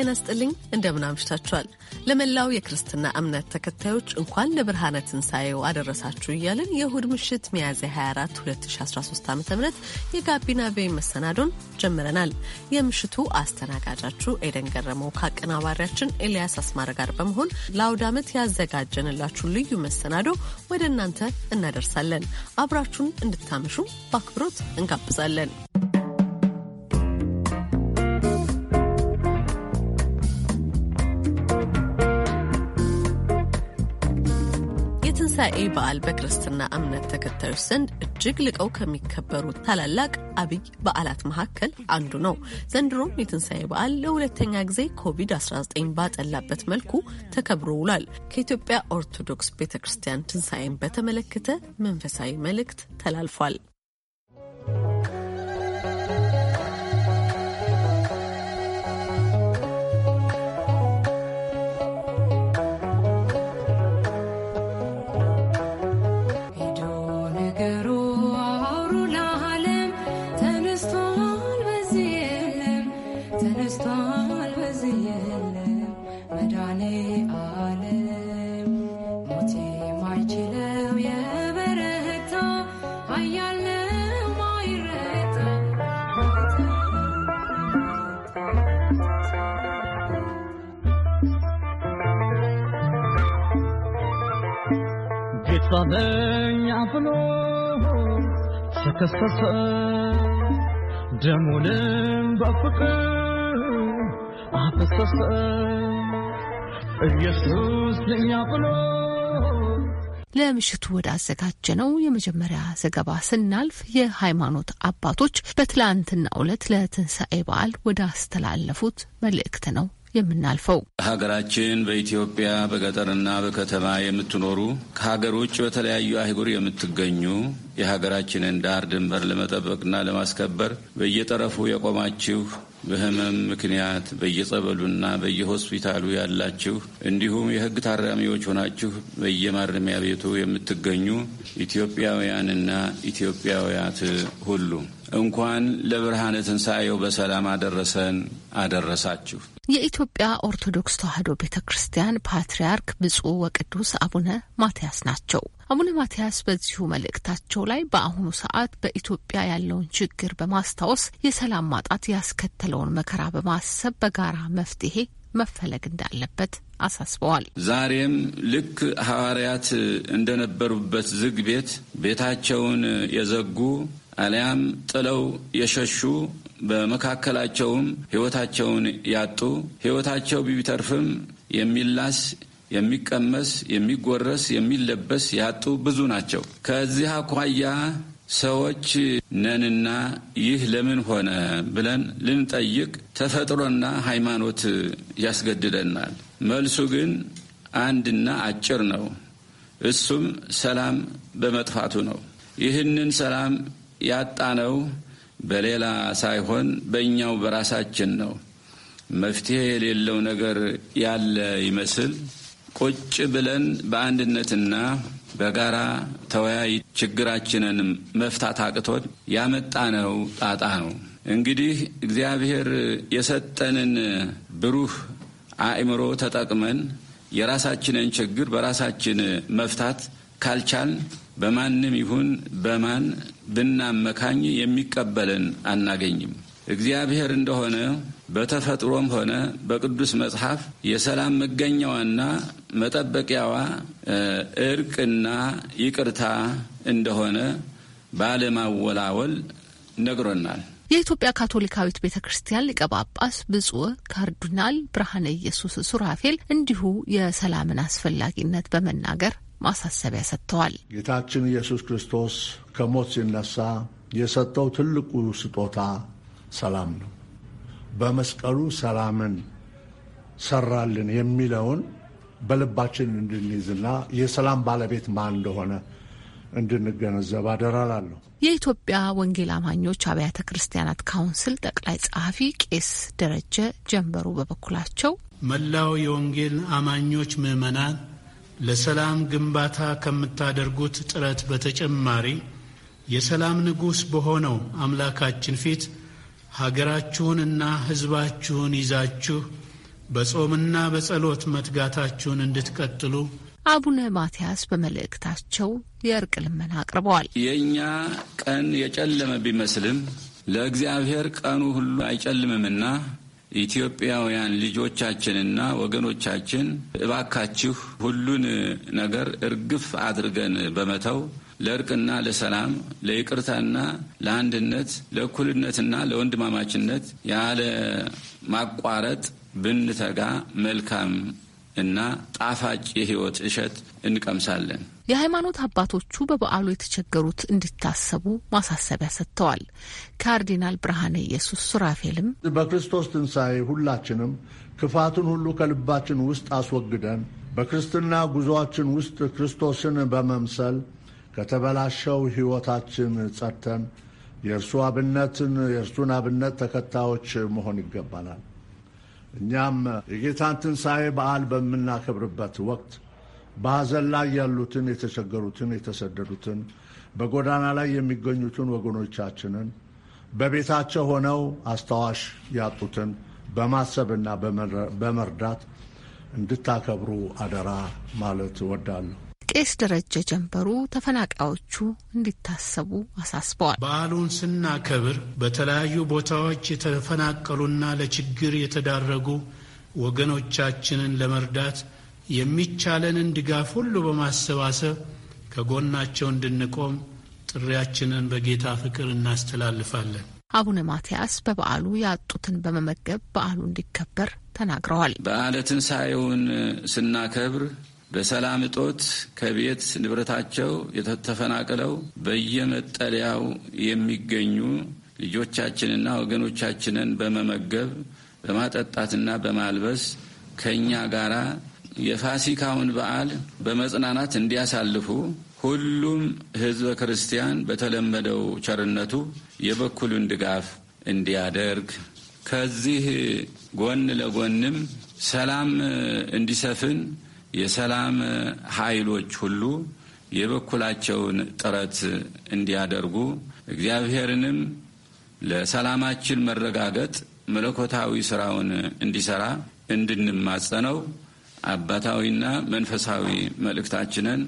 ጤና ስጥልኝ። እንደምን አምሽታችኋል? ለመላው የክርስትና እምነት ተከታዮች እንኳን ለብርሃነ ትንሣኤው አደረሳችሁ እያልን የእሁድ ምሽት ሚያዝያ 24 2013 ዓ ም የጋቢና ቤ መሰናዶን ጀምረናል። የምሽቱ አስተናጋጃችሁ ኤደን ገረመው ከአቀናባሪያችን ኤልያስ አስማረ ጋር በመሆን ለአውድ ዓመት ያዘጋጀንላችሁ ልዩ መሰናዶ ወደ እናንተ እናደርሳለን። አብራችሁን እንድታመሹ በአክብሮት እንጋብዛለን። ይህ በዓል በክርስትና እምነት ተከታዮች ዘንድ እጅግ ልቀው ከሚከበሩ ታላላቅ አብይ በዓላት መካከል አንዱ ነው። ዘንድሮም የትንሣኤ በዓል ለሁለተኛ ጊዜ ኮቪድ-19 ባጠላበት መልኩ ተከብሮ ውሏል። ከኢትዮጵያ ኦርቶዶክስ ቤተ ክርስቲያን ትንሣኤን በተመለከተ መንፈሳዊ መልእክት ተላልፏል። ለምሽቱ ብሎ ተከሰሰ ደሙንም በፍቅር አፈሰሰ ኢየሱስ ለእኛ ብሎ ለምሽቱ የመጀመሪያ ዘገባ ስናልፍ የሃይማኖት አባቶች በትላንትና ዕለት ለትንሣኤ በዓል ወዳስተላለፉት መልእክት ነው የምናልፈው። ሀገራችን በኢትዮጵያ በገጠርና በከተማ የምትኖሩ ከሀገር ውጭ በተለያዩ አህጉር የምትገኙ የሀገራችንን ዳር ድንበር ለመጠበቅና ለማስከበር በየጠረፉ የቆማችሁ በህመም ምክንያት በየጸበሉና በየሆስፒታሉ ያላችሁ እንዲሁም የህግ ታራሚዎች ሆናችሁ በየማረሚያ ቤቱ የምትገኙ ኢትዮጵያውያንና ኢትዮጵያውያት ሁሉ እንኳን ለብርሃነ ትንሣኤው በሰላም አደረሰን አደረሳችሁ። የኢትዮጵያ ኦርቶዶክስ ተዋሕዶ ቤተ ክርስቲያን ፓትርያርክ ብፁዕ ወቅዱስ አቡነ ማትያስ ናቸው። አቡነ ማትያስ በዚሁ መልእክታቸው ላይ በአሁኑ ሰዓት በኢትዮጵያ ያለውን ችግር በማስታወስ የሰላም ማጣት ያስከተለውን መከራ በማሰብ በጋራ መፍትሄ መፈለግ እንዳለበት አሳስበዋል። ዛሬም ልክ ሐዋርያት እንደነበሩበት ዝግ ቤት ቤታቸውን የዘጉ አሊያም ጥለው የሸሹ በመካከላቸውም ሕይወታቸውን ያጡ ሕይወታቸው ቢተርፍም የሚላስ የሚቀመስ፣ የሚጎረስ፣ የሚለበስ ያጡ ብዙ ናቸው። ከዚህ አኳያ ሰዎች ነንና ይህ ለምን ሆነ ብለን ልንጠይቅ ተፈጥሮና ሃይማኖት ያስገድደናል። መልሱ ግን አንድና አጭር ነው። እሱም ሰላም በመጥፋቱ ነው። ይህንን ሰላም ያጣነው በሌላ ሳይሆን በእኛው በራሳችን ነው። መፍትሄ የሌለው ነገር ያለ ይመስል ቁጭ ብለን በአንድነትና በጋራ ተወያይ ችግራችንን መፍታት አቅቶን ያመጣነው ጣጣ ነው። እንግዲህ እግዚአብሔር የሰጠንን ብሩህ አእምሮ ተጠቅመን የራሳችንን ችግር በራሳችን መፍታት ካልቻል በማንም ይሁን በማን ብናመካኝ የሚቀበልን አናገኝም። እግዚአብሔር እንደሆነ በተፈጥሮም ሆነ በቅዱስ መጽሐፍ የሰላም መገኛዋና መጠበቂያዋ እርቅና ይቅርታ እንደሆነ ባለማወላወል ነግሮናል። የኢትዮጵያ ካቶሊካዊት ቤተ ክርስቲያን ሊቀ ጳጳስ ብፁዕ ካርዲናል ብርሃነ ኢየሱስ ሱራፌል እንዲሁ የሰላምን አስፈላጊነት በመናገር ማሳሰቢያ ሰጥተዋል። ጌታችን ኢየሱስ ክርስቶስ ከሞት ሲነሳ የሰጠው ትልቁ ስጦታ ሰላም ነው። በመስቀሉ ሰላምን ሰራልን የሚለውን በልባችን እንድንይዝና የሰላም ባለቤት ማን እንደሆነ እንድንገነዘብ አደራላለሁ። የኢትዮጵያ ወንጌል አማኞች አብያተ ክርስቲያናት ካውንስል ጠቅላይ ጸሐፊ ቄስ ደረጀ ጀንበሩ በበኩላቸው መላው የወንጌል አማኞች ምዕመናን ለሰላም ግንባታ ከምታደርጉት ጥረት በተጨማሪ የሰላም ንጉሥ በሆነው አምላካችን ፊት ሀገራችሁንና ሕዝባችሁን ይዛችሁ በጾምና በጸሎት መትጋታችሁን እንድትቀጥሉ አቡነ ማትያስ በመልእክታቸው የእርቅ ልመና አቅርበዋል። የእኛ ቀን የጨለመ ቢመስልም ለእግዚአብሔር ቀኑ ሁሉ አይጨልምምና ኢትዮጵያውያን ልጆቻችንና ወገኖቻችን እባካችሁ ሁሉን ነገር እርግፍ አድርገን በመተው ለእርቅና ለሰላም ለይቅርታና ለአንድነት ለእኩልነትና ለወንድማማችነት ያለ ማቋረጥ ብንተጋ መልካም እና ጣፋጭ የህይወት እሸት እንቀምሳለን። የሃይማኖት አባቶቹ በበዓሉ የተቸገሩት እንዲታሰቡ ማሳሰቢያ ሰጥተዋል። ካርዲናል ብርሃነ ኢየሱስ ሱራፌልም በክርስቶስ ትንሣኤ ሁላችንም ክፋቱን ሁሉ ከልባችን ውስጥ አስወግደን በክርስትና ጉዞአችን ውስጥ ክርስቶስን በመምሰል ከተበላሸው ሕይወታችን ጸድተን የእርሱ አብነትን የእርሱን አብነት ተከታዮች መሆን ይገባናል። እኛም የጌታን ትንሣኤ በዓል በምናከብርበት ወቅት በሐዘን ላይ ያሉትን፣ የተቸገሩትን፣ የተሰደዱትን፣ በጎዳና ላይ የሚገኙትን ወገኖቻችንን በቤታቸው ሆነው አስታዋሽ ያጡትን በማሰብና በመርዳት እንድታከብሩ አደራ ማለት እወዳለሁ። ቄስ ደረጀ ጀንበሩ ተፈናቃዮቹ እንዲታሰቡ አሳስበዋል። በዓሉን ስናከብር በተለያዩ ቦታዎች የተፈናቀሉና ለችግር የተዳረጉ ወገኖቻችንን ለመርዳት የሚቻለንን ድጋፍ ሁሉ በማሰባሰብ ከጎናቸው እንድንቆም ጥሪያችንን በጌታ ፍቅር እናስተላልፋለን። አቡነ ማትያስ በበዓሉ ያጡትን በመመገብ በዓሉ እንዲከበር ተናግረዋል። በዓለ ትንሣኤውን ስናከብር በሰላም እጦት ከቤት ንብረታቸው የተፈናቀለው በየመጠለያው የሚገኙ ልጆቻችንና ወገኖቻችንን በመመገብ በማጠጣትና በማልበስ ከእኛ ጋራ የፋሲካውን በዓል በመጽናናት እንዲያሳልፉ ሁሉም ሕዝበ ክርስቲያን በተለመደው ቸርነቱ የበኩሉን ድጋፍ እንዲያደርግ ከዚህ ጎን ለጎንም ሰላም እንዲሰፍን የሰላም ኃይሎች ሁሉ የበኩላቸውን ጥረት እንዲያደርጉ እግዚአብሔርንም ለሰላማችን መረጋገጥ መለኮታዊ ስራውን እንዲሰራ እንድንማጸነው አባታዊና መንፈሳዊ መልእክታችንን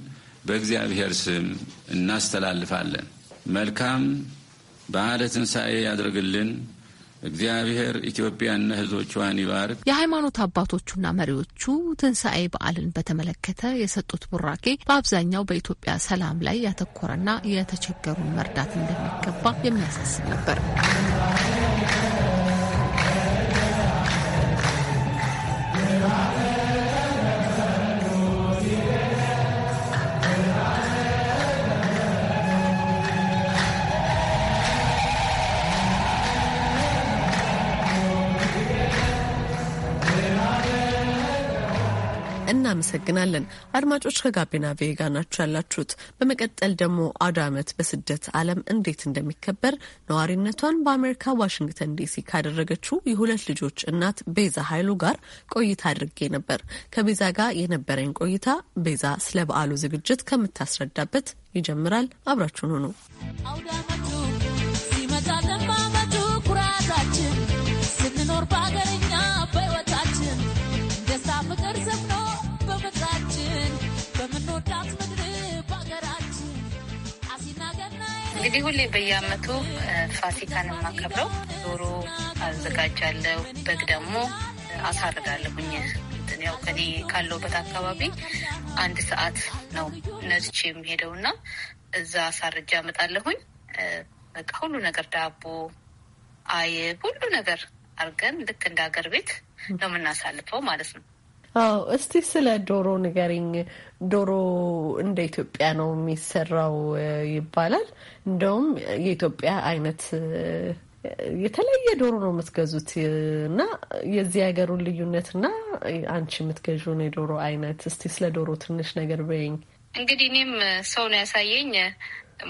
በእግዚአብሔር ስም እናስተላልፋለን። መልካም በዓለ ትንሣኤ ያደርግልን። እግዚአብሔር ኢትዮጵያና ሕዝቦቿን ይባርክ። የሃይማኖት አባቶቹና መሪዎቹ ትንሣኤ በዓልን በተመለከተ የሰጡት ቡራኬ በአብዛኛው በኢትዮጵያ ሰላም ላይ ያተኮረና የተቸገሩን መርዳት እንደሚገባ የሚያሳስብ ነበር። እናመሰግናለን። አድማጮች ከጋቢና ቬጋ ናችሁ ያላችሁት። በመቀጠል ደግሞ አውደ ዓመት በስደት ዓለም እንዴት እንደሚከበር ነዋሪነቷን በአሜሪካ ዋሽንግተን ዲሲ ካደረገችው የሁለት ልጆች እናት ቤዛ ኃይሉ ጋር ቆይታ አድርጌ ነበር። ከቤዛ ጋር የነበረኝ ቆይታ ቤዛ ስለ በዓሉ ዝግጅት ከምታስረዳበት ይጀምራል። አብራችሁን ሁኑ። እንግዲህ ሁሌ በየአመቱ ፋሲካን የማከብረው ዶሮ አዘጋጃለሁ። በግ ደግሞ አሳርጋለሁኝ። ያው ከኔ ካለውበት አካባቢ አንድ ሰዓት ነው ነዝቼ የሚሄደው እና እዛ አሳርጃ አመጣለሁኝ። በቃ ሁሉ ነገር ዳቦ፣ አይብ፣ ሁሉ ነገር አርገን ልክ እንደ ሀገር ቤት ነው የምናሳልፈው ማለት ነው። አዎ እስቲ ስለ ዶሮ ንገሪኝ። ዶሮ እንደ ኢትዮጵያ ነው የሚሰራው ይባላል። እንደውም የኢትዮጵያ አይነት የተለየ ዶሮ ነው የምትገዙት እና የዚህ ሀገሩን ልዩነት እና አንቺ የምትገዥውን የዶሮ አይነት እስቲ ስለ ዶሮ ትንሽ ነገር በይኝ። እንግዲህ እኔም ሰው ነው ያሳየኝ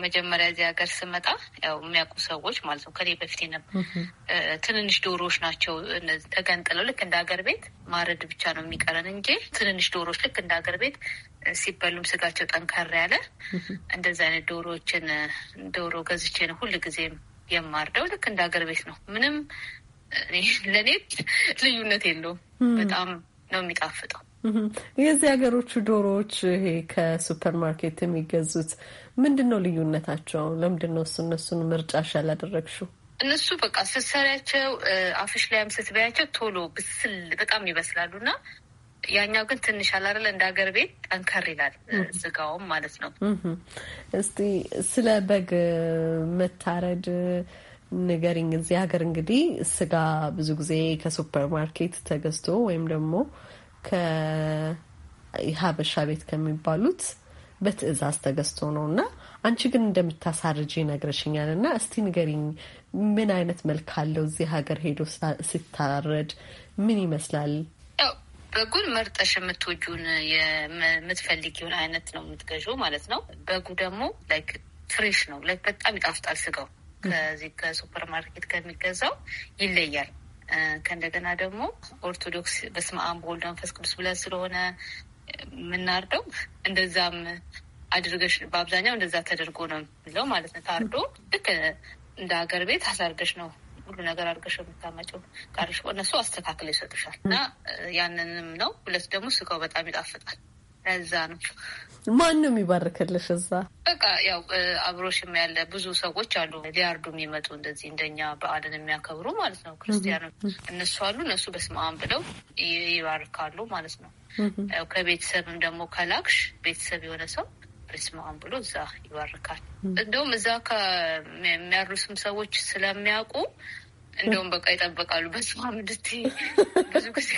መጀመሪያ እዚህ ሀገር ስመጣ ያው የሚያውቁ ሰዎች ማለት ነው ከኔ በፊት ነበር። ትንንሽ ዶሮዎች ናቸው ተገንጥለው ልክ እንደ ሀገር ቤት ማረድ ብቻ ነው የሚቀረን እንጂ ትንንሽ ዶሮዎች ልክ እንደ ሀገር ቤት ሲበሉም ስጋቸው ጠንከር ያለ እንደዚ አይነት ዶሮዎችን ዶሮ ገዝቼ ነው ሁል ጊዜም የማርደው። ልክ እንደ ሀገር ቤት ነው። ምንም ለእኔ ልዩነት የለውም። በጣም ነው የሚጣፍጠው። የዚህ ሀገሮቹ ዶሮዎች ይሄ ከሱፐር ማርኬት የሚገዙት ምንድን ነው ልዩነታቸው? ለምንድን ነው እሱ እነሱን ምርጫሽ ያላደረግሽው? እነሱ በቃ ስትሰሪያቸው አፍሽ ላይም ስትበያቸው ቶሎ ብስል በጣም ይበስላሉ እና ያኛው ግን ትንሽ አላረለ እንደ ሀገር ቤት ጠንከር ይላል ስጋውም ማለት ነው። እስቲ ስለ በግ መታረድ ንገሪኝ። እዚህ ሀገር እንግዲህ ስጋ ብዙ ጊዜ ከሱፐር ማርኬት ተገዝቶ ወይም ደግሞ ከሀበሻ ቤት ከሚባሉት በትዕዛዝ ተገዝቶ ነው እና አንቺ ግን እንደምታሳርጅ ይነግረሽኛል እና እስቲ ንገሪኝ፣ ምን አይነት መልክ አለው? እዚህ ሀገር ሄዶ ሲታረድ ምን ይመስላል? በጉን መርጠሽ የምትወጁን የምትፈልጊውን አይነት ነው የምትገዥው ማለት ነው። በጉ ደግሞ ላይክ ፍሬሽ ነው፣ ላይክ በጣም ይጣፍጣል። ስጋው ከዚህ ከሱፐር ማርኬት ከሚገዛው ይለያል። ከእንደገና ደግሞ ኦርቶዶክስ በስመ አብ ወወልድ ወመንፈስ ቅዱስ ብለን ስለሆነ የምናርደው እንደዛም አድርገሽ በአብዛኛው እንደዛ ተደርጎ ነው የሚለው ማለት ነው። ታርዶ ልክ እንደ ሀገር ቤት አሳርገሽ ነው ሁሉ ነገር አድርገሽ የምታመጪው ጋርሽ እነሱ አስተካክለው ይሰጡሻል። እና ያንንም ነው። ሁለት ደግሞ ስጋው በጣም ይጣፍጣል። ለዛ ነው ማን ነው የሚባርክልሽ እዛ? በቃ ያው አብሮሽም ያለ ብዙ ሰዎች አሉ፣ ሊያርዱ የሚመጡ እንደዚህ እንደኛ በዓልን የሚያከብሩ ማለት ነው ክርስቲያኖ፣ እነሱ አሉ፣ እነሱ በስመ አብ ብለው ይባርካሉ ማለት ነው። ያው ከቤተሰብም ደግሞ ከላክሽ ቤተሰብ የሆነ ሰው በስመ አብ ብሎ እዛ ይባርካል። እንደውም እዛ ከሚያርሱም ሰዎች ስለሚያውቁ እንደውም በቃ ይጠበቃሉ በስመ አብ እንድትይ ብዙ ጊዜ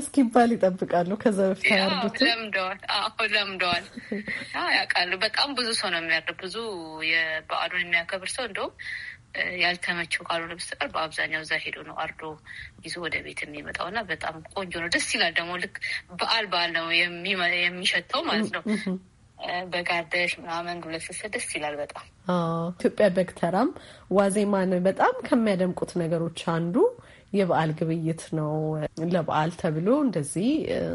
እስኪባል ይጠብቃሉ። ከዛ በፊት አያርዱት። ለምደዋል። አዎ ለምደዋል። ያውቃሉ። በጣም ብዙ ሰው ነው የሚያርድ። ብዙ የበዓሉን የሚያከብር ሰው እንደውም ያልተመቸው ካልሆነ በስተቀር በአብዛኛው እዛ ሄዶ ነው አርዶ ይዞ ወደ ቤት የሚመጣው እና በጣም ቆንጆ ነው። ደስ ይላል። ደግሞ ልክ በዓል በዓል ነው የሚሸተው ማለት ነው። በጋደሽ ምናምን ዱለት ደስ ይላል በጣም ኢትዮጵያ በግ ዋዜማን በጣም ከሚያደምቁት ነገሮች አንዱ የበዓል ግብይት ነው። ለበዓል ተብሎ እንደዚህ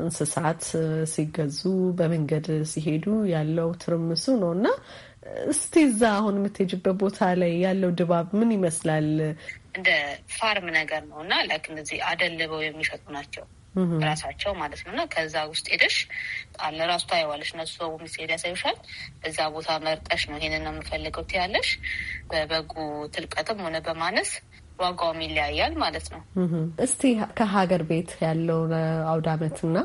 እንስሳት ሲገዙ በመንገድ ሲሄዱ ያለው ትርምሱ ነው እና እስቲ እዛ አሁን የምትሄጅበት ቦታ ላይ ያለው ድባብ ምን ይመስላል? እንደ ፋርም ነገር ነው እና ላይክ እንደዚህ አደልበው የሚሸጡ ናቸው ራሳቸው ማለት ነው። እና ከዛ ውስጥ ሄደሽ አለ ራሱ ታየዋለሽ። እነሱ ሰው ሚስሄድ ያሳይሻል። እዛ ቦታ መርጠሽ ነው ይሄንን ነው የምፈልገው ትያለሽ። በበጉ ትልቀትም ሆነ በማነስ ዋጋውም ይለያያል ማለት ነው። እስቲ ከሀገር ቤት ያለውን አውድ አመትና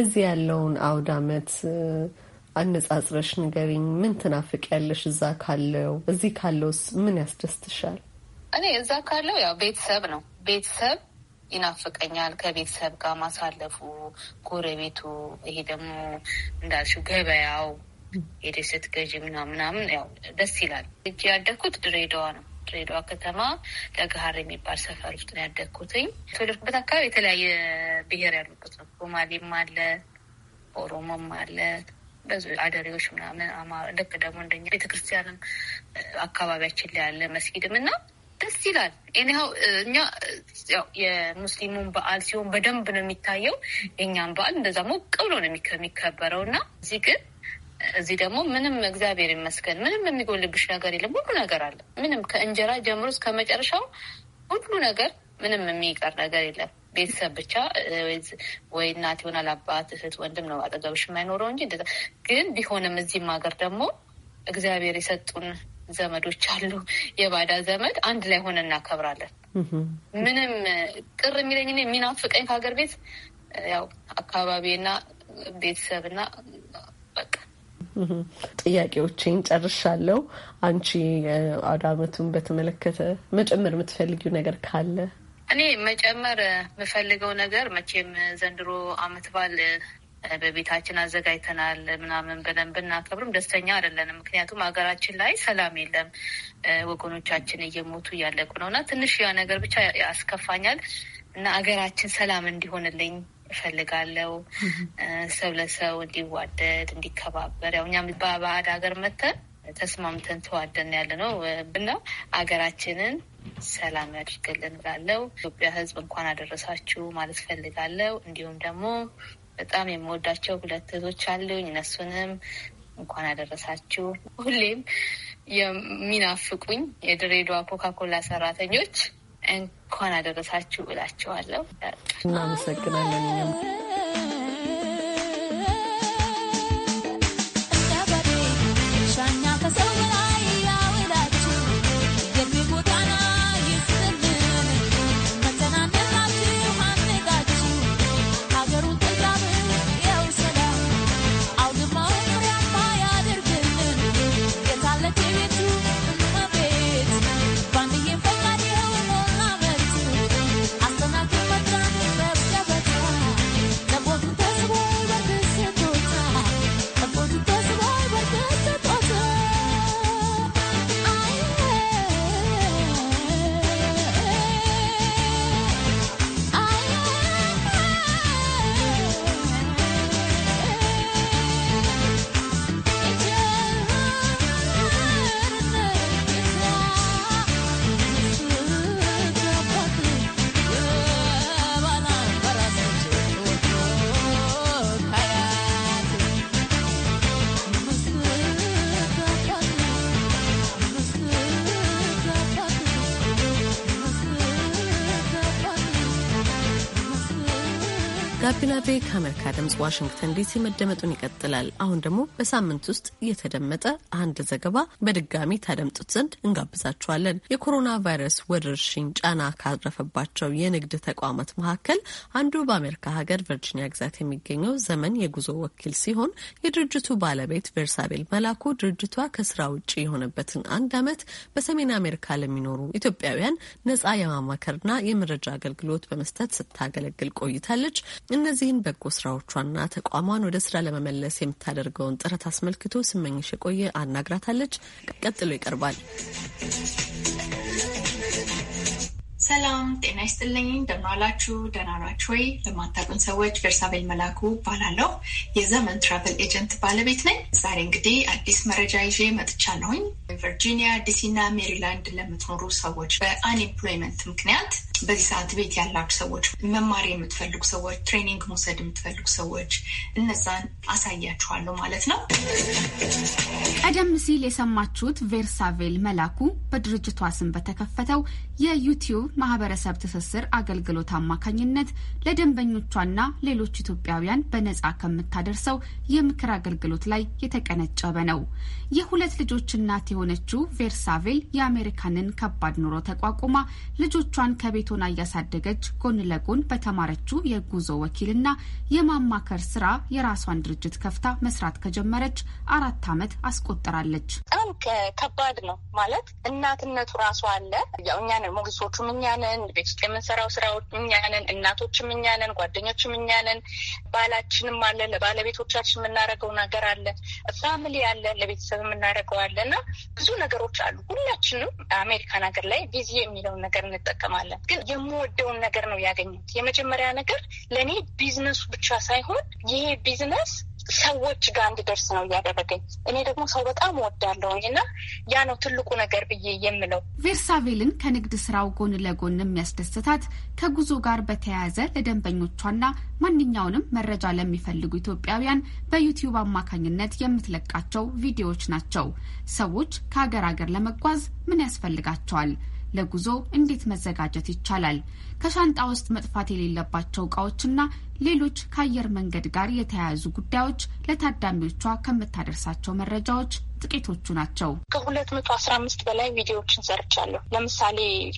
እዚህ ያለውን አውድ አመት አነጻጽረሽ ንገሪኝ። ምን ትናፍቅ ያለሽ እዛ ካለው እዚህ ካለውስ ምን ያስደስትሻል? እኔ እዛ ካለው ያው ቤተሰብ ነው። ቤተሰብ ይናፍቀኛል። ከቤተሰብ ጋር ማሳለፉ፣ ጎረቤቱ፣ ይሄ ደግሞ እንዳልሽው ገበያው፣ የደሴት ገዢ ምናምናምን ያው ደስ ይላል። እጅ ያደግኩት ድሬዳዋ ነው። ድሬዳዋ ከተማ ደግሀር የሚባል ሰፈር ውስጥ ነው ያደግኩትኝ። የተወለድኩበት አካባቢ የተለያየ ብሄር ያሉበት ነው። ሶማሌም አለ፣ ኦሮሞም አለ በዙ አደሬዎች ምናምን ልክ ደግሞ እንደኛ ቤተክርስቲያንም አካባቢያችን ላይ ያለ መስጊድም እና ደስ ይላል። ኒው እኛ የሙስሊሙን በዓል ሲሆን በደንብ ነው የሚታየው። የእኛም በዓል እንደዛ ሞቅ ብሎ ነው የሚከበረው እና እዚህ ግን እዚህ ደግሞ ምንም እግዚአብሔር ይመስገን ምንም የሚጎልብሽ ነገር የለም። ሁሉ ነገር አለ። ምንም ከእንጀራ ጀምሮ እስከ መጨረሻው ሁሉ ነገር ምንም የሚቀር ነገር የለም። ቤተሰብ ብቻ ወይ እናት ይሆናል አባት፣ እህት፣ ወንድም ነው አጠገብሽ የማይኖረው እንጂ ግን ቢሆንም እዚህም ሀገር ደግሞ እግዚአብሔር የሰጡን ዘመዶች አሉ። የባዳ ዘመድ አንድ ላይ ሆነ እናከብራለን። ምንም ቅር የሚለኝ እኔ የሚናፍቀኝ ከሀገር ቤት ያው አካባቢና ቤተሰብና በቃ ጥያቄዎቼን ጨርሻለሁ። አንቺ አውደ አመቱን በተመለከተ መጨመር የምትፈልጊው ነገር ካለ? እኔ መጨመር የምፈልገው ነገር መቼም ዘንድሮ አመት በዓል በቤታችን አዘጋጅተናል ምናምን ብለን ብናከብርም ደስተኛ አይደለንም። ምክንያቱም ሀገራችን ላይ ሰላም የለም፣ ወገኖቻችን እየሞቱ እያለቁ ነው እና ትንሽ ያ ነገር ብቻ ያስከፋኛል እና ሀገራችን ሰላም እንዲሆንልኝ እፈልጋለው። ሰው ለሰው እንዲዋደድ እንዲከባበር፣ ያው እኛም በባዕድ ሀገር መተን ተስማምተን ተዋደን ያለ ነው እና ሀገራችንን ሰላም ያድርግልን እላለሁ። ኢትዮጵያ ሕዝብ እንኳን አደረሳችሁ ማለት እፈልጋለሁ። እንዲሁም ደግሞ በጣም የምወዳቸው ሁለት እህቶች አሉኝ። እነሱንም እንኳን አደረሳችሁ። ሁሌም የሚናፍቁኝ የድሬዳዋ ኮካኮላ ሰራተኞች እንኳን አደረሳችሁ እላችኋለሁ። እናመሰግናለን። ጋቢና ቤ ከአሜሪካ ድምጽ ዋሽንግተን ዲሲ መደመጡን ይቀጥላል። አሁን ደግሞ በሳምንት ውስጥ የተደመጠ አንድ ዘገባ በድጋሚ ታደምጡት ዘንድ እንጋብዛችኋለን። የኮሮና ቫይረስ ወረርሽኝ ጫና ካረፈባቸው የንግድ ተቋማት መካከል አንዱ በአሜሪካ ሀገር ቨርጂኒያ ግዛት የሚገኘው ዘመን የጉዞ ወኪል ሲሆን የድርጅቱ ባለቤት ቬርሳቤል መላኩ ድርጅቷ ከስራ ውጭ የሆነበትን አንድ ዓመት በሰሜን አሜሪካ ለሚኖሩ ኢትዮጵያውያን ነጻ የማማከርና የመረጃ አገልግሎት በመስጠት ስታገለግል ቆይታለች። እነዚህ እነዚህን በጎ ስራዎቿና ተቋሟን ወደ ስራ ለመመለስ የምታደርገውን ጥረት አስመልክቶ ስመኝሽ የቆየ አናግራታለች። ቀጥሎ ይቀርባል። ሰላም ጤና ይስጥልኝ። እንደምናላችሁ ደናራችሁ ወይ? ለማታውቁኝ ሰዎች ቬርሳቤል መላኩ እባላለሁ። የዘመን ትራቨል ኤጀንት ባለቤት ነኝ። ዛሬ እንግዲህ አዲስ መረጃ ይዤ መጥቻለሁኝ። ቨርጂኒያ፣ ዲሲ እና ሜሪላንድ ለምትኖሩ ሰዎች በአንኤምፕሎይመንት ምክንያት በዚህ ሰዓት ቤት ያላችሁ ሰዎች፣ መማር የምትፈልጉ ሰዎች፣ ትሬኒንግ መውሰድ የምትፈልጉ ሰዎች እነዛን አሳያችኋለሁ ማለት ነው። ቀደም ሲል የሰማችሁት ቬርሳቬል መላኩ በድርጅቷ ስም በተከፈተው የዩቲዩብ ማህበረሰብ ትስስር አገልግሎት አማካኝነት ለደንበኞቿና ሌሎች ኢትዮጵያውያን በነጻ ከምታደርሰው የምክር አገልግሎት ላይ የተቀነጨበ ነው። የሁለት ልጆች እናት የሆነችው ቬርሳቬል የአሜሪካንን ከባድ ኑሮ ተቋቁማ ልጆቿን ከቤት ችሎቱን እያሳደገች ጎን ለጎን በተማረችው የጉዞ ወኪልና የማማከር ስራ የራሷን ድርጅት ከፍታ መስራት ከጀመረች አራት ዓመት አስቆጥራለች። በጣም ከባድ ነው ማለት እናትነቱ ራሱ አለ። ያው እኛንን ሞግዚሶቹም እኛንን፣ ቤት ውስጥ የምንሰራው ስራዎች እኛንን፣ እናቶችም እኛንን፣ ጓደኞችም እኛንን፣ ባላችንም አለ፣ ለባለቤቶቻችን የምናደርገው ነገር አለ፣ ፋሚሊ አለ፣ ለቤተሰብ የምናደርገው አለ እና ብዙ ነገሮች አሉ። ሁላችንም አሜሪካን ሀገር ላይ ቢዚ የሚለውን ነገር እንጠቀማለን ግን የምወደውን ነገር ነው ያገኘሁት። የመጀመሪያ ነገር ለእኔ ቢዝነሱ ብቻ ሳይሆን ይሄ ቢዝነስ ሰዎች ጋር እንድደርስ ነው እያደረገኝ። እኔ ደግሞ ሰው በጣም ወዳለሁኝ እና ያ ነው ትልቁ ነገር ብዬ የምለው። ቬርሳቬልን ከንግድ ስራው ጎን ለጎን የሚያስደስታት ከጉዞ ጋር በተያያዘ ለደንበኞቿና ማንኛውንም መረጃ ለሚፈልጉ ኢትዮጵያውያን በዩቲዩብ አማካኝነት የምትለቃቸው ቪዲዮዎች ናቸው። ሰዎች ከሀገር ሀገር ለመጓዝ ምን ያስፈልጋቸዋል? ለጉዞ እንዴት መዘጋጀት ይቻላል? ከሻንጣ ውስጥ መጥፋት የሌለባቸው እቃዎችና ሌሎች ከአየር መንገድ ጋር የተያያዙ ጉዳዮች ለታዳሚዎቿ ከምታደርሳቸው መረጃዎች ጥቂቶቹ ናቸው። ከሁለት መቶ አስራ አምስት በላይ ቪዲዮዎችን ሰርቻለሁ። ለምሳሌ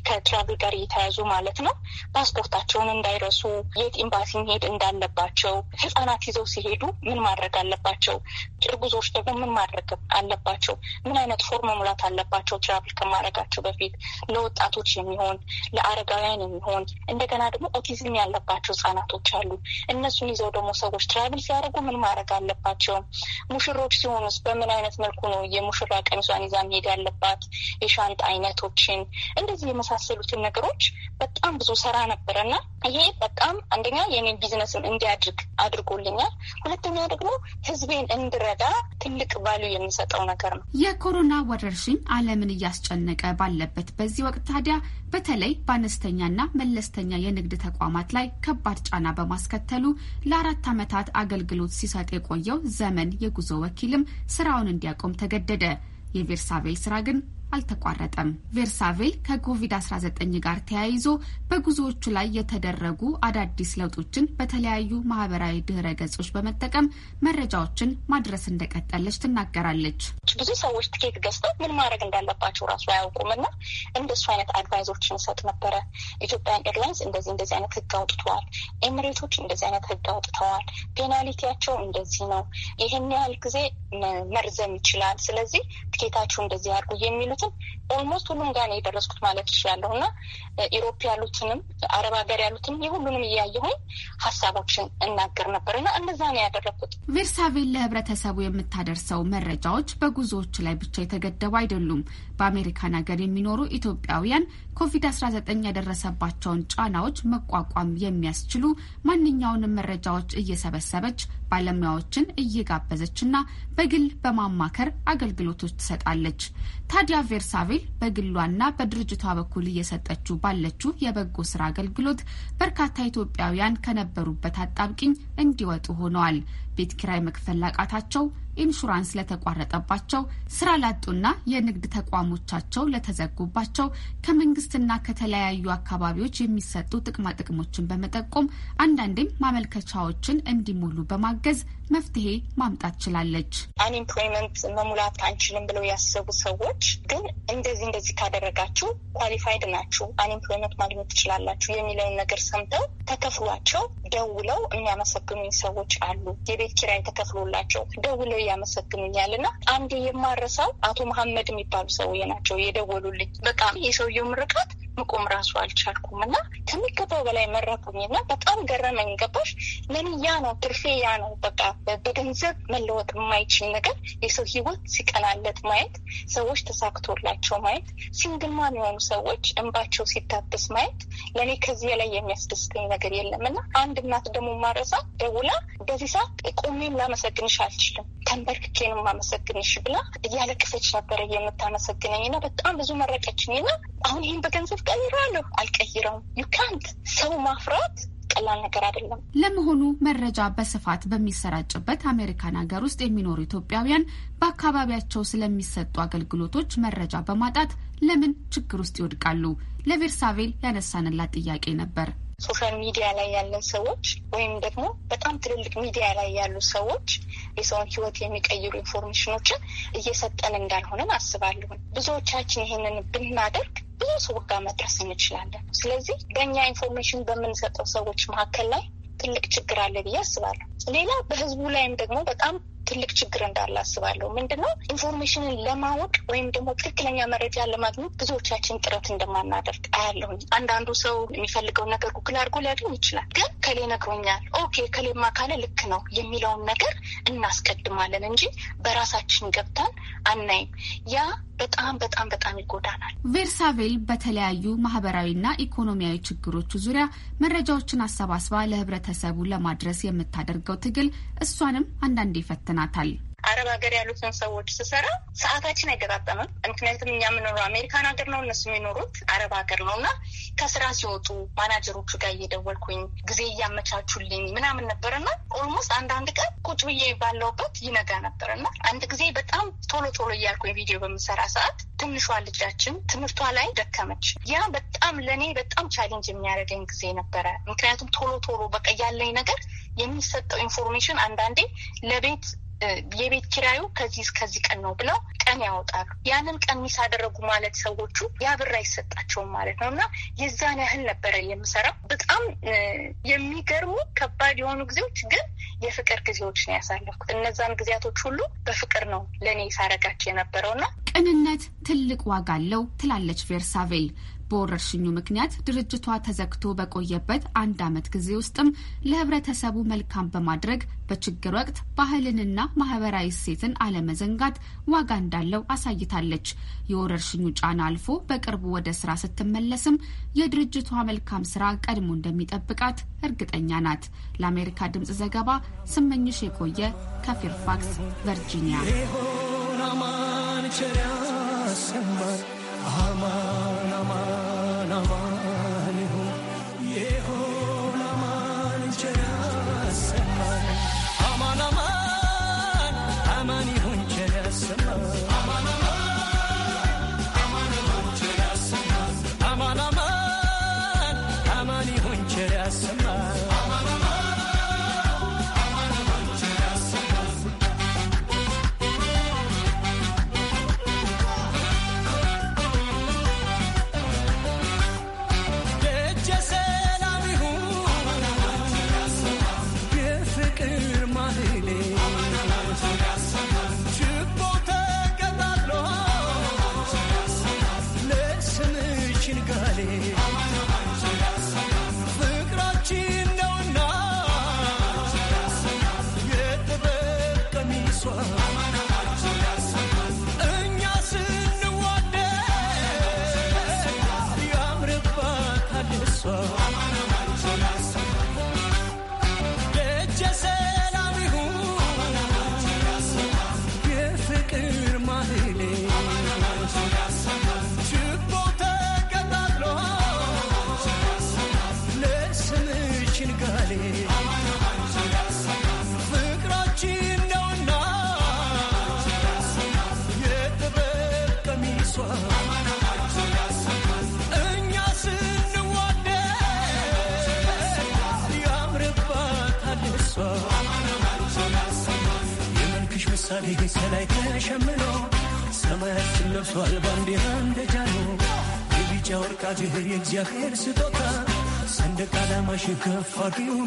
ከትራቭል ጋር እየተያዙ ማለት ነው። ፓስፖርታቸውን እንዳይረሱ፣ የት ኤምባሲ መሄድ እንዳለባቸው፣ ህጻናት ይዘው ሲሄዱ ምን ማድረግ አለባቸው፣ እርጉዞች ደግሞ ምን ማድረግ አለባቸው፣ ምን አይነት ፎርም መሙላት አለባቸው፣ ትራቭል ከማድረጋቸው በፊት ለወጣቶች የሚሆን ለአረጋውያን የሚሆን እንደገና ደግሞ ኦቲዝም ያለባቸው ህጻናቶች አሉ። እነሱን ይዘው ደግሞ ሰዎች ትራቭል ሲያደርጉ ምን ማድረግ አለባቸውም? ሙሽሮች ሲሆኑስ በምን አይነት መልኩ ነው የሙሽራ ቀሚሷን ይዛ መሄድ ያለባት? የሻንጣ አይነቶችን እንደዚህ የመሳሰሉትን ነገሮች በጣም ብዙ ሰራ ነበረ እና ይሄ በጣም አንደኛ የኔን ቢዝነስም እንዲያድርግ አድርጎልኛል። ሁለተኛ ደግሞ ህዝቤን እንድረዳ ትልቅ ባሉ የሚሰጠው ነገር ነው። የኮሮና ወረርሽኝ ዓለምን እያስጨነቀ ባለበት በዚህ ወቅት ታዲያ በተለይ በአነስተኛና መለስተኛ የንግድ ተቋማት ላይ ከባድ ጫና በማስከተሉ ለአራት ዓመታት አገልግሎት ሲሰጥ የቆየው ዘመን የጉዞ ወኪልም ስራውን እንዲያቆም ተገደደ። የቬርሳቬል ስራ ግን አልተቋረጠም። ቬርሳቬል ከኮቪድ-19 ጋር ተያይዞ በጉዞዎቹ ላይ የተደረጉ አዳዲስ ለውጦችን በተለያዩ ማህበራዊ ድህረ ገጾች በመጠቀም መረጃዎችን ማድረስ እንደቀጠለች ትናገራለች። ብዙ ሰዎች ትኬት ገዝተው ምን ማድረግ እንዳለባቸው ራሱ አያውቁም እና እንደሱ አይነት አድቫይዞችን ሰጥ ነበረ። ኢትዮጵያን ኤርላይንስ እንደዚህ እንደዚህ አይነት ህግ አውጥተዋል፣ ኤምሬቶች እንደዚህ አይነት ህግ አውጥተዋል፣ ፔናሊቲያቸው እንደዚህ ነው፣ ይህን ያህል ጊዜ መርዘም ይችላል፣ ስለዚህ ትኬታችሁ እንደዚህ አድርጉ የሚሉት ሀገሮችን ኦልሞስት ሁሉም ጋር ነው የደረስኩት ማለት ይችላለሁ። እና ኢሮፕ ያሉትንም አረብ ሀገር ያሉትንም የሁሉንም እያየሁኝ ሀሳቦችን እናገር ነበር እና እንደዛ ነው ያደረግኩት። ቬርሳቬል ለህብረተሰቡ የምታደርሰው መረጃዎች በጉዞዎች ላይ ብቻ የተገደቡ አይደሉም። በአሜሪካን ሀገር የሚኖሩ ኢትዮጵያውያን ኮቪድ-19 ያደረሰባቸውን ጫናዎች መቋቋም የሚያስችሉ ማንኛውንም መረጃዎች እየሰበሰበች ባለሙያዎችን እየጋበዘችና በግል በማማከር አገልግሎቶች ትሰጣለች። ታዲያ ቬርሳቬል በግሏና በድርጅቷ በኩል እየሰጠችው ባለችው የበጎ ስራ አገልግሎት በርካታ ኢትዮጵያውያን ከነበሩበት አጣብቂኝ እንዲወጡ ሆነዋል። ቤት ኪራይ መክፈል ላቃታቸው ኢንሹራንስ ለተቋረጠባቸው፣ ስራ ላጡና የንግድ ተቋሞቻቸው ለተዘጉባቸው ከመንግስትና ከተለያዩ አካባቢዎች የሚሰጡ ጥቅማጥቅሞችን በመጠቆም አንዳንዴም ማመልከቻዎችን እንዲሞሉ በማገዝ መፍትሄ ማምጣት ችላለች። አንኤምፕሎይመንት መሙላት አንችልም ብለው ያሰቡ ሰዎች ግን እንደዚህ እንደዚህ ካደረጋችሁ ኳሊፋይድ ናችሁ፣ አንኤምፕሎይመንት ማግኘት ትችላላችሁ የሚለውን ነገር ሰምተው ተከፍሏቸው ደውለው የሚያመሰግኑኝ ሰዎች አሉ። የቤት ኪራይ ተከፍሎላቸው ደውለው እያመሰግኑኛል። እና አንድ የማረሳው አቶ መሀመድ የሚባሉ ሰውዬ ናቸው የደወሉልኝ። በጣም የሰውየው ምርቃት መቆም ራሱ አልቻልኩም እና ከሚገባው በላይ መረቁኝና በጣም ገረመኝ። ገባሽ ለኔ ያ ነው ትርፌ ያ ነው በቃ በገንዘብ መለወጥ የማይችል ነገር የሰው ህይወት ሲቀናለት ማየት፣ ሰዎች ተሳክቶላቸው ማየት፣ ሲንግማ የሆኑ ሰዎች እንባቸው ሲታበስ ማየት ለእኔ ከዚህ ላይ የሚያስደስተኝ ነገር የለም እና አንድ እናት ደግሞ ማረሳ ደውላ በዚህ ሰዓት ቆሜም ላመሰግንሽ አልችልም ተንበርክኬንም ማመሰግንሽ ብላ እያለቀሰች ነበረ የምታመሰግነኝ እና በጣም ብዙ መረቀችኝ እና አሁን ይህን በገንዘብ ቀይራለሁ አልቀይረውም ዩካንት ሰው ማፍራት ቀላል ነገር አይደለም። ለመሆኑ መረጃ በስፋት በሚሰራጭበት አሜሪካን ሀገር ውስጥ የሚኖሩ ኢትዮጵያውያን በአካባቢያቸው ስለሚሰጡ አገልግሎቶች መረጃ በማጣት ለምን ችግር ውስጥ ይወድቃሉ? ለቬርሳቬል ያነሳንላት ጥያቄ ነበር። ሶሻል ሚዲያ ላይ ያለን ሰዎች ወይም ደግሞ በጣም ትልልቅ ሚዲያ ላይ ያሉ ሰዎች የሰውን ሕይወት የሚቀይሩ ኢንፎርሜሽኖችን እየሰጠን እንዳልሆነን አስባለሁን። ብዙዎቻችን ይህንን ብናደርግ ብዙ ሰው ጋር መድረስ እንችላለን። ስለዚህ በእኛ ኢንፎርሜሽን በምንሰጠው ሰዎች መካከል ላይ ትልቅ ችግር አለ ብዬ አስባለሁ። ሌላ በህዝቡ ላይም ደግሞ በጣም ትልቅ ችግር እንዳለ አስባለሁ። ምንድነው ኢንፎርሜሽንን ለማወቅ ወይም ደግሞ ትክክለኛ መረጃ ለማግኘት ብዙዎቻችን ጥረት እንደማናደርግ አያለሁኝ። አንዳንዱ ሰው የሚፈልገውን ነገር ጉግል አድርጎ ሊያገኝ ይችላል። ግን ከሌ ነግሮኛል፣ ኦኬ ከሌማ ካለ ልክ ነው የሚለውን ነገር እናስቀድማለን እንጂ በራሳችን ገብተን አናይም። ያ በጣም በጣም በጣም ይጎዳናል። ቬርሳቬል በተለያዩ ማህበራዊና ኢኮኖሚያዊ ችግሮች ዙሪያ መረጃዎችን አሰባስባ ለህብረተሰቡ ለማድረስ የምታደርገው ትግል እሷንም አንዳንዴ ይፈትናታል። አረብ ሀገር ያሉትን ሰዎች ስሰራ ሰዓታችን አይገጣጠምም። ምክንያቱም እኛ የምኖረው አሜሪካን ሀገር ነው፣ እነሱ የሚኖሩት አረብ ሀገር ነው እና ከስራ ሲወጡ ማናጀሮቹ ጋር እየደወልኩኝ ጊዜ እያመቻቹልኝ ምናምን ነበርና ኦልሞስት አንዳንድ ቀን ቁጭ ብዬ ባለውበት ይነጋ ነበርና አንድ ጊዜ በጣም ቶሎ ቶሎ እያልኩኝ ቪዲዮ በምሰራ ሰዓት ትንሿ ልጃችን ትምህርቷ ላይ ደከመች። ያ በጣም ለእኔ በጣም ቻሌንጅ የሚያደርገኝ ጊዜ ነበረ። ምክንያቱም ቶሎ ቶሎ በቃ ያለኝ ነገር የሚሰጠው ኢንፎርሜሽን አንዳንዴ ለቤት የቤት ኪራዩ ከዚህ እስከዚህ ቀን ነው ብለው ቀን ያወጣሉ። ያንን ቀን ሚስ አደረጉ ማለት ሰዎቹ ያ ብር አይሰጣቸውም ማለት ነው እና የዛን ያህል ነበረ የምሰራው። በጣም የሚገርሙ ከባድ የሆኑ ጊዜዎች ግን የፍቅር ጊዜዎች ነው ያሳለፍኩት። እነዛን ጊዜያቶች ሁሉ በፍቅር ነው ለእኔ ሳረጋቸው የነበረው እና ቅንነት ትልቅ ዋጋ አለው ትላለች ቬርሳቬል። በወረርሽኙ ምክንያት ድርጅቷ ተዘግቶ በቆየበት አንድ ዓመት ጊዜ ውስጥም ለህብረተሰቡ መልካም በማድረግ በችግር ወቅት ባህልንና ማህበራዊ እሴትን አለመዘንጋት ዋጋ እንዳለው አሳይታለች። የወረርሽኙ ጫና አልፎ በቅርቡ ወደ ስራ ስትመለስም የድርጅቷ መልካም ስራ ቀድሞ እንደሚጠብቃት እርግጠኛ ናት። ለአሜሪካ ድምጽ ዘገባ ስመኝሽ የቆየ ከፌርፋክስ ቨርጂኒያ። aman aman I'm not alone. answer. ሸምኖ ሰማያት ለብሷል ባንዲራ እንደጃኖ! የቢጫ ወርቃት የእግዚአብሔር ስጦታ ሰንደቅ ዓላማሽ ከፍ አድርጊው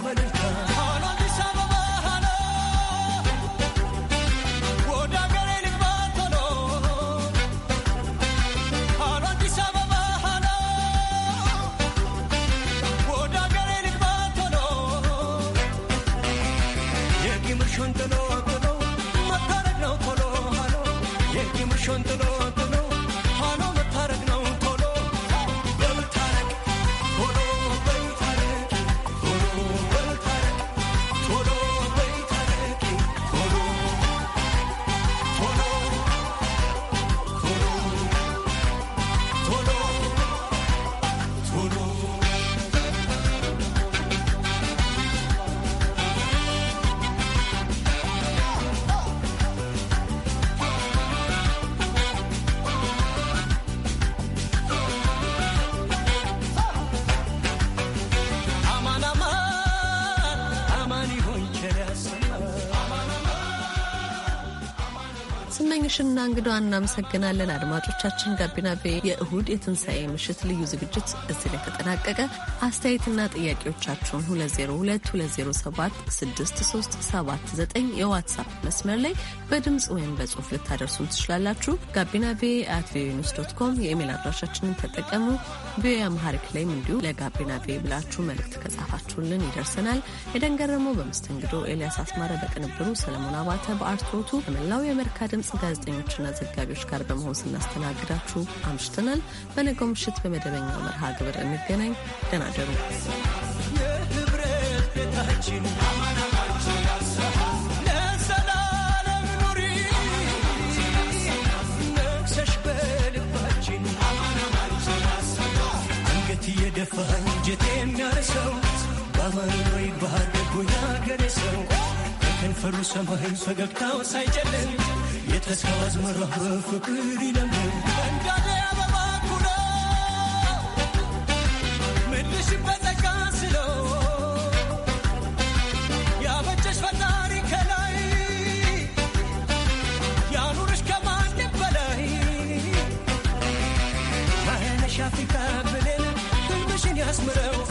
ስመኝሽና እንግዳ እናመሰግናለን። አድማጮቻችን ጋቢና ቤ የእሁድ የትንሣኤ ምሽት ልዩ ዝግጅት እዚህ ላይ ተጠናቀቀ። አስተያየትና ጥያቄዎቻችሁን 2022076379 የዋትሳፕ መስመር ላይ በድምፅ ወይም በጽሁፍ ልታደርሱን ትችላላችሁ። ጋቢና ቤ አት ቪኦኤ ኒውስ ዶት ኮም የኢሜል አድራሻችንን ተጠቀሙ። ቪ አምሃሪክ ላይም እንዲሁ ለጋቢና ብላችሁ መልእክት ከጻፋችሁልን ይደርሰናል። የደንገረመው በመስተንግዶ ኤልያስ አስማረ፣ በቅንብሩ ሰለሞን አባተ፣ በአርትዖቱ በመላው የአሜሪካ ድምፅ ድምፅ ጋዜጠኞችና ዘጋቢዎች ጋር በመሆን ስናስተናግዳችሁ አምሽተናል። በነገው ምሽት በመደበኛው መርሃ ግብር እንገናኝ። ደህና ደሩ። የህብረት ቤታችን If I get in, ከንፈሩ ሰማይን ፈገግታው ሳይጨልም የተስፋው አዝመራ በፍቅር ይለምልም። እንዳለ አበባ ኩሎ ምድሽን በጸጋ ስሎ ያበጀሽ ፈጣሪ ከላይ ያኑርሽ ከማን በላይ ማነሽ አፍሪካ ብለን ግንብሽን ያስምረው